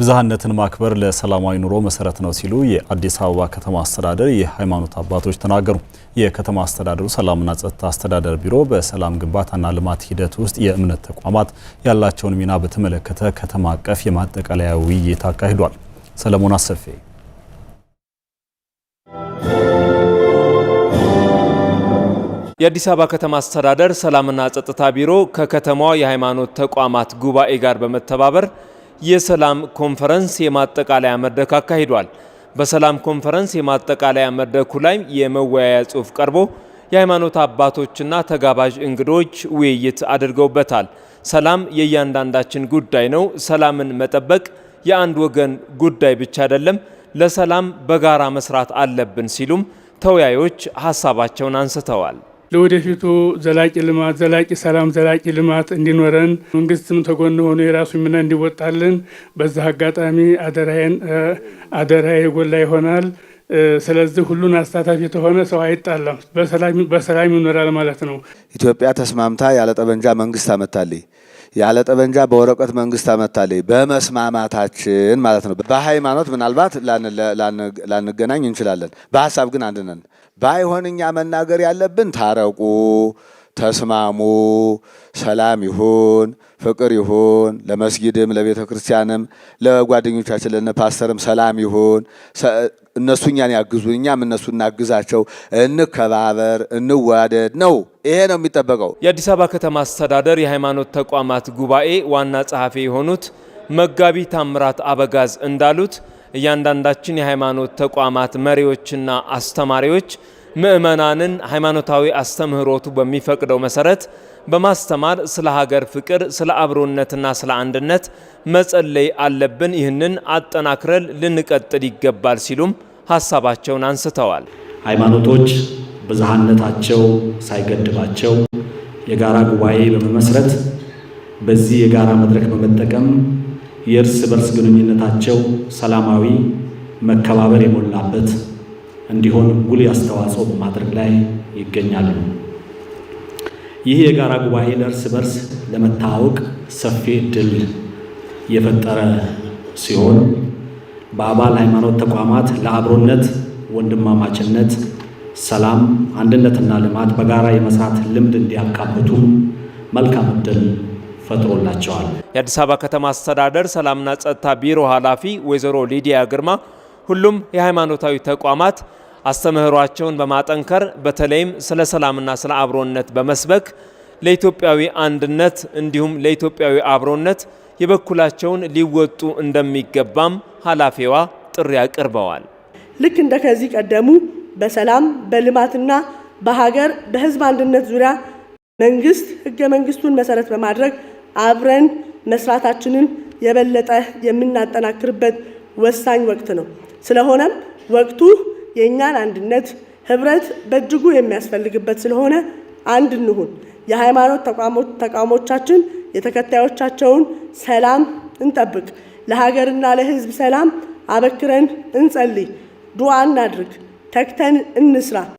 ብዝሃነትን ማክበር ለሰላማዊ ኑሮ መሰረት ነው ሲሉ የአዲስ አበባ ከተማ አስተዳደር የሃይማኖት አባቶች ተናገሩ። የከተማ አስተዳደሩ ሰላምና ጸጥታ አስተዳደር ቢሮ በሰላም ግንባታና ልማት ሂደት ውስጥ የእምነት ተቋማት ያላቸውን ሚና በተመለከተ ከተማ አቀፍ የማጠቃለያ ውይይት አካሂዷል። ሰለሞን አሰፌ የአዲስ አበባ ከተማ አስተዳደር ሰላምና ጸጥታ ቢሮ ከከተማዋ የሃይማኖት ተቋማት ጉባኤ ጋር በመተባበር የሰላም ኮንፈረንስ የማጠቃለያ መድረክ አካሂዷል። በሰላም ኮንፈረንስ የማጠቃለያ መድረኩ ላይ የመወያያ ጽሑፍ ቀርቦ የሃይማኖት አባቶችና ተጋባዥ እንግዶች ውይይት አድርገውበታል። ሰላም የእያንዳንዳችን ጉዳይ ነው። ሰላምን መጠበቅ የአንድ ወገን ጉዳይ ብቻ አይደለም፣ ለሰላም በጋራ መስራት አለብን ሲሉም ተወያዮች ሀሳባቸውን አንስተዋል። ለወደፊቱ ዘላቂ ልማት፣ ዘላቂ ሰላም፣ ዘላቂ ልማት እንዲኖረን መንግስትም ተጎን ሆኖ የራሱ ሚና እንዲወጣልን በዛ አጋጣሚ አደራ የጎላ ይሆናል። ስለዚህ ሁሉን አሳታፊ የተሆነ ሰው አይጣላም፣ በሰላም ይኖራል ማለት ነው። ኢትዮጵያ ተስማምታ ያለ ጠመንጃ መንግስት አመታልኝ ያለ ጠበንጃ በወረቀት መንግስት አመታለይ በመስማማታችን ማለት ነው። በሃይማኖት ምናልባት ላንገናኝ እንችላለን፣ በሀሳብ ግን አንድነን። ባይሆን እኛ መናገር ያለብን ታረቁ ተስማሙ፣ ሰላም ይሁን፣ ፍቅር ይሁን። ለመስጊድም ለቤተ ክርስቲያንም ለጓደኞቻችን ለነፓስተርም ሰላም ይሁን። እነሱ እኛን ያግዙን፣ እኛም እነሱ እናግዛቸው። እንከባበር፣ እንዋደድ ነው። ይሄ ነው የሚጠበቀው። የአዲስ አበባ ከተማ አስተዳደር የሃይማኖት ተቋማት ጉባኤ ዋና ጸሐፊ የሆኑት መጋቢ ታምራት አበጋዝ እንዳሉት እያንዳንዳችን የሃይማኖት ተቋማት መሪዎችና አስተማሪዎች ምዕመናንን ሃይማኖታዊ አስተምህሮቱ በሚፈቅደው መሰረት በማስተማር ስለ ሀገር ፍቅር፣ ስለ አብሮነትና ስለ አንድነት መጸለይ አለብን። ይህንን አጠናክረን ልንቀጥል ይገባል ሲሉም ሀሳባቸውን አንስተዋል። ሃይማኖቶች ብዝሃነታቸው ሳይገድባቸው የጋራ ጉባኤ በመመስረት በዚህ የጋራ መድረክ በመጠቀም የእርስ በርስ ግንኙነታቸው ሰላማዊ መከባበር የሞላበት እንዲሆን ጉልህ አስተዋጽኦ በማድረግ ላይ ይገኛሉ። ይህ የጋራ ጉባኤ ለእርስ በርስ ለመታወቅ ሰፊ እድል የፈጠረ ሲሆን በአባል ሃይማኖት ተቋማት ለአብሮነት፣ ወንድማማችነት፣ ሰላም፣ አንድነትና ልማት በጋራ የመስራት ልምድ እንዲያካብቱ መልካም እድል ፈጥሮላቸዋል። የአዲስ አበባ ከተማ አስተዳደር ሰላምና ጸጥታ ቢሮ ኃላፊ ወይዘሮ ሊዲያ ግርማ ሁሉም የሃይማኖታዊ ተቋማት አስተምህሯቸውን በማጠንከር በተለይም ስለ ሰላምና ስለ አብሮነት በመስበክ ለኢትዮጵያዊ አንድነት እንዲሁም ለኢትዮጵያዊ አብሮነት የበኩላቸውን ሊወጡ እንደሚገባም ኃላፊዋ ጥሪ አቅርበዋል። ልክ እንደ ከዚህ ቀደሙ በሰላም በልማትና በሀገር በህዝብ አንድነት ዙሪያ መንግስት ህገ መንግስቱን መሰረት በማድረግ አብረን መስራታችንን የበለጠ የምናጠናክርበት ወሳኝ ወቅት ነው። ስለሆነም ወቅቱ የእኛን አንድነት፣ ህብረት በእጅጉ የሚያስፈልግበት ስለሆነ አንድ እንሁን። የሃይማኖት ተቋሞቻችን የተከታዮቻቸውን ሰላም እንጠብቅ። ለሀገርና ለህዝብ ሰላም አበክረን እንጸልይ፣ ዱዓ እናድርግ፣ ተግተን እንስራ።